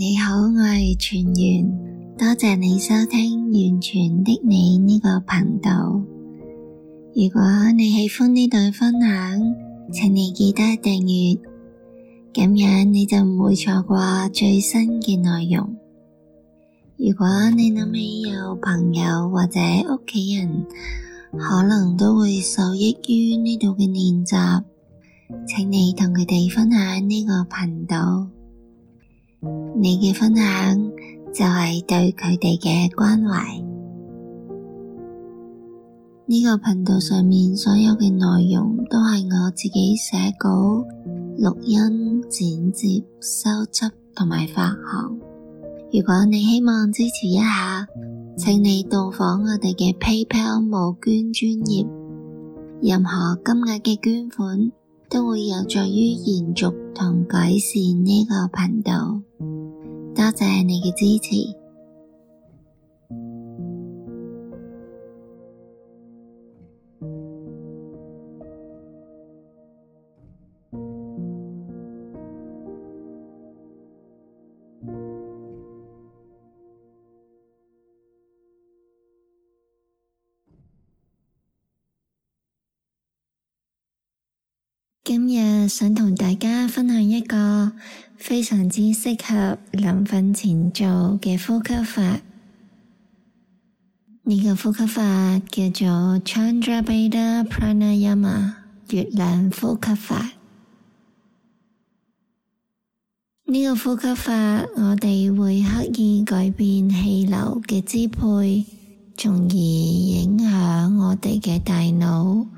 你好，我係全圓，多謝你收聽完全的你呢個頻道。如果你喜歡呢段分享，請你記得訂閱，咁樣你就唔會錯過最新嘅內容。如果你諗起有朋友或者屋企人，可能都會受益於呢度嘅練習，請你同佢哋分享呢個頻道。你嘅分享就係對佢哋嘅關懷。呢個頻道上面所有嘅內容都係我自己寫稿、錄音、剪接、收輯同埋發行。如果你希望支持一下，請你到訪我哋嘅 PayPal 募捐專頁。任何金額嘅捐款都會有助於延續同改善呢個頻道。多謝你嘅支持。想同大家分享一個非常之適合臨瞓前做嘅呼吸法。呢個呼吸法叫做 Chandra Bida Pranayama 月亮呼吸法。呢個呼吸法我哋會刻意改變氣流嘅支配，從而影響我哋嘅大腦，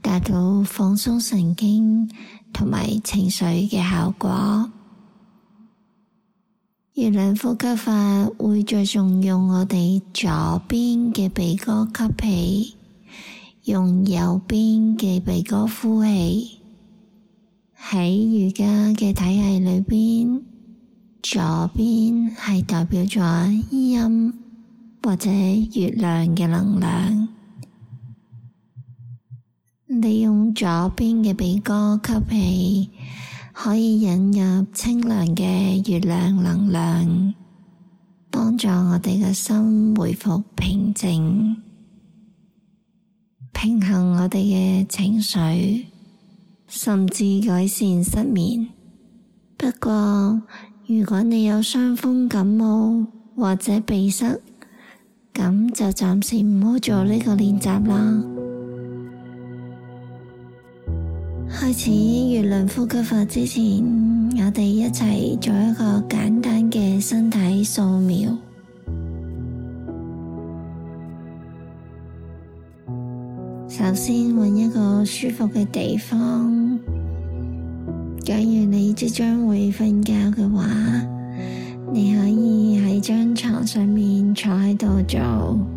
達到放鬆神經。同埋情緒嘅效果，月亮呼吸法會着重用我哋左邊嘅鼻哥吸氣，用右邊嘅鼻哥呼氣。喺瑜伽嘅體系裏邊，左邊係代表咗陰或者月亮嘅能量。你用左邊嘅鼻哥吸氣，可以引入清涼嘅月亮能量，幫助我哋嘅心回復平靜，平衡我哋嘅情緒，甚至改善失眠。不過，如果你有傷風感冒或者鼻塞，咁就暫時唔好做呢個練習啦。開始月亮呼吸法之前，我哋一齊做一個簡單嘅身體掃描。首先，揾一個舒服嘅地方。假如你即將會瞓覺嘅話，你可以喺張床上面坐喺度做。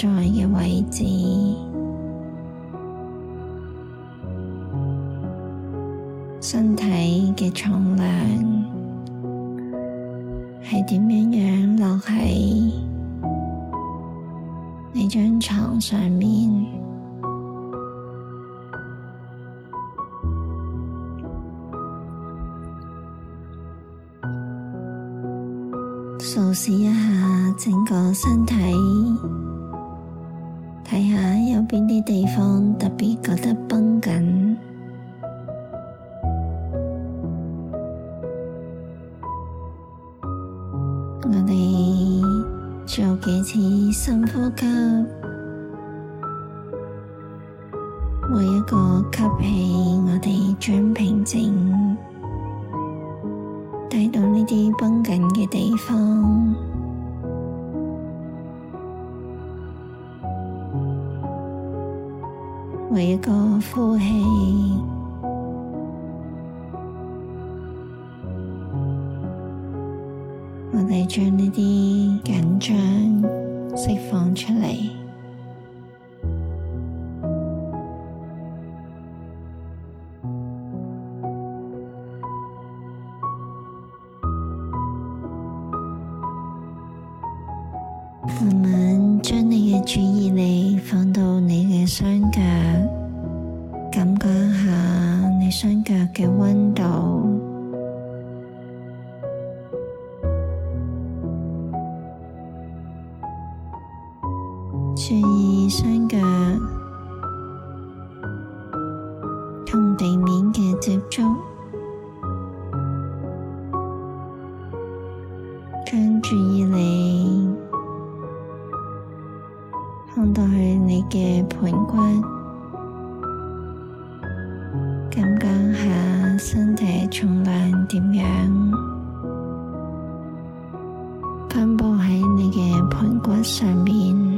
在嘅位，位置，身體嘅重量係點樣樣落喺你張床上面，掃視一下整個身體。地方特別覺得繃緊，我哋做幾次深呼吸，每一個吸氣，我哋將平靜帶到呢啲繃緊嘅地方。為一個呼氣，我哋將呢啲緊張釋放出嚟。注意雙腳同地面嘅接觸，將注意力放到去你嘅盤骨，感受下身體重量點樣分布喺你嘅盤骨上面。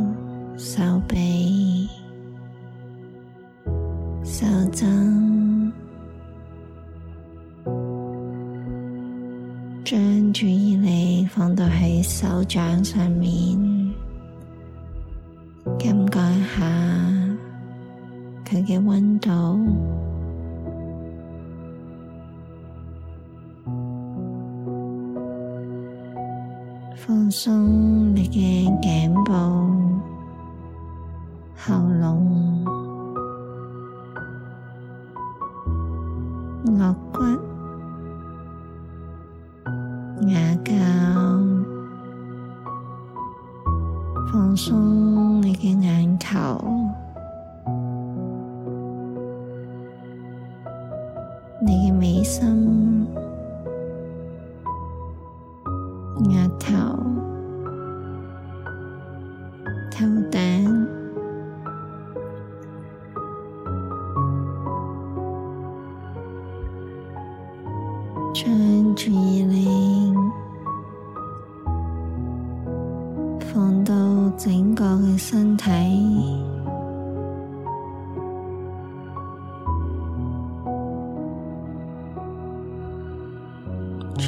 手臂、手肘，將注意力放到喺手掌上面，感覺下佢嘅溫度，放鬆你嘅頸部。你嘅美心。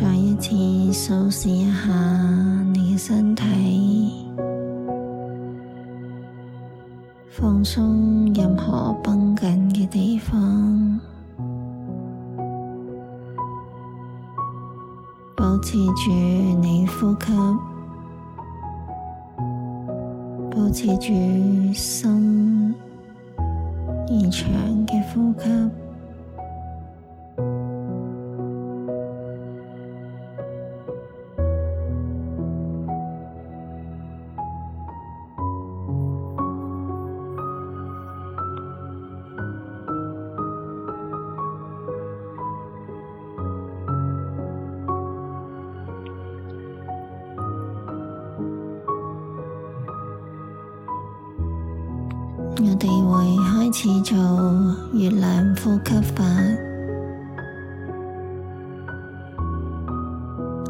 再一次掃視一下你嘅身體，放鬆任何繃緊嘅地方，保持住你呼吸，保持住深而長嘅呼吸。次做月亮呼吸法，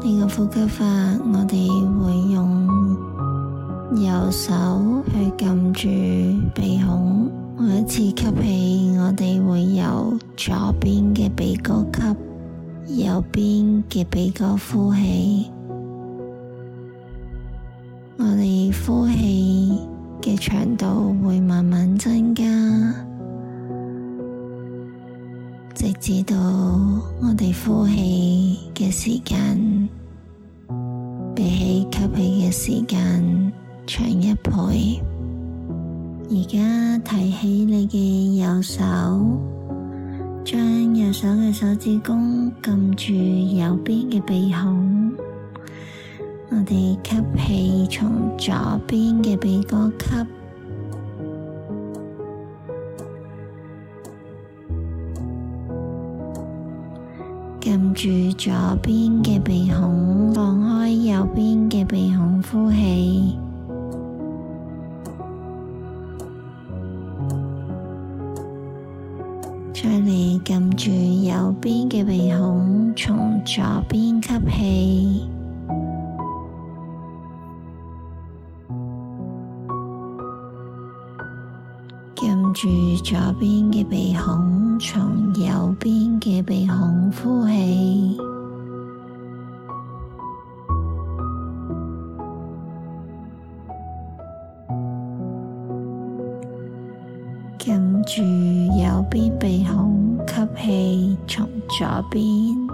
呢、這個呼吸法我哋會用右手去撳住鼻孔，每一次吸氣我哋會由左邊嘅鼻哥吸，右邊嘅鼻哥呼，呼氣，我哋呼氣。嘅長度會慢慢增加，直至到我哋呼氣嘅時間比起吸氣嘅時間長一倍。而家提起你嘅右手，將右手嘅手指公撳住右邊嘅鼻孔。我哋吸氣，從左邊嘅鼻哥吸，撳住左邊嘅鼻孔，放開右邊嘅鼻孔，呼氣。再嚟撳住右邊嘅鼻孔，從左邊吸氣。跟住左邊嘅鼻孔，從右邊嘅鼻孔呼氣，跟住右邊鼻孔吸氣，從左邊。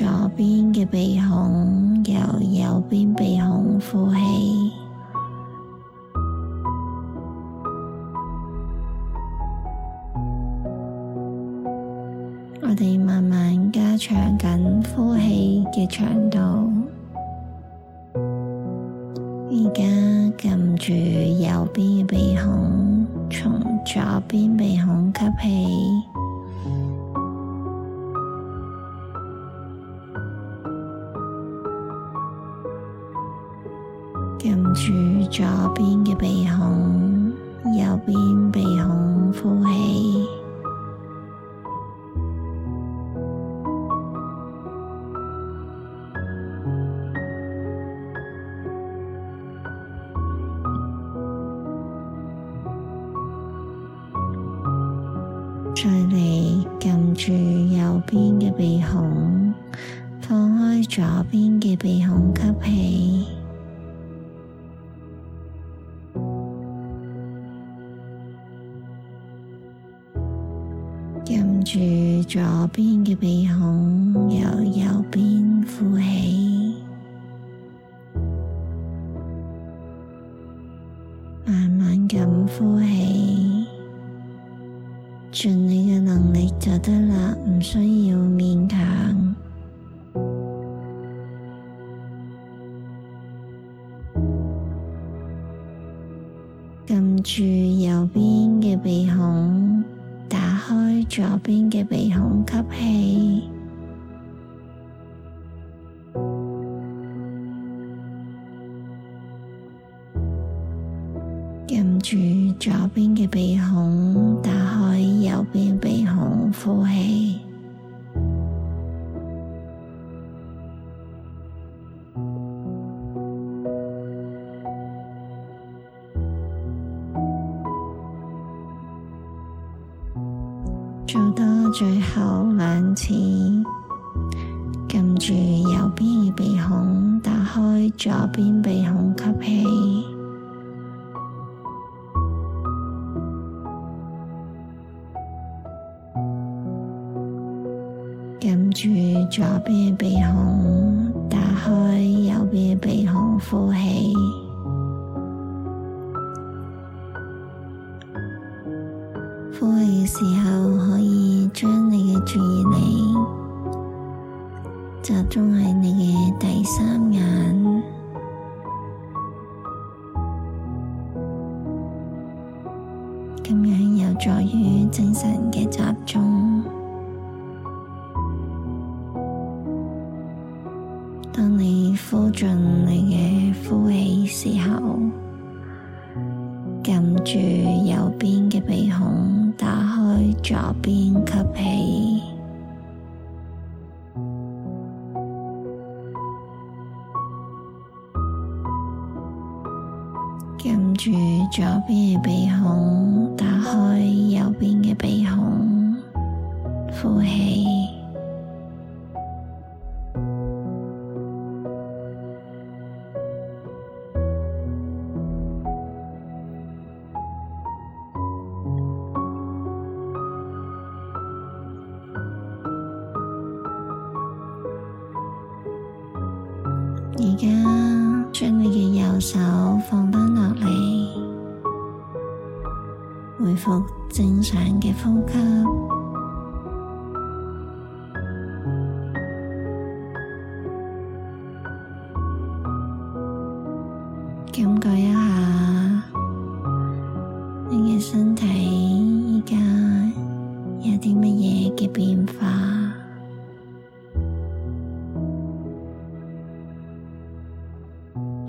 左邊嘅鼻孔，由右，右邊鼻孔呼氣。撳住左邊嘅鼻孔，右邊鼻孔呼氣。再嚟撳住右邊嘅鼻孔，放開左邊嘅鼻孔吸氣。住左邊嘅鼻孔，由右邊呼氣，慢慢咁呼氣，盡你嘅能力就得啦，唔需要勉強。撳住右邊嘅鼻孔。左邊嘅鼻孔吸氣，跟住左邊嘅鼻孔打開，右邊鼻孔呼氣。做多最後兩次，撳住右邊鼻孔，打開左邊鼻孔吸氣，撳住左邊鼻孔。呼氣嘅時候，可以將你嘅注意力集中喺你嘅第三眼，咁樣有助於精神嘅集中。當你呼盡你嘅呼氣時候，撳住右邊嘅鼻孔。左邊吸氣，撳住左邊嘅鼻孔，打開右邊嘅鼻孔，呼氣。而家將你嘅右手放翻落嚟，回復正常嘅呼吸。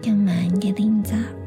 今晚嘅練習。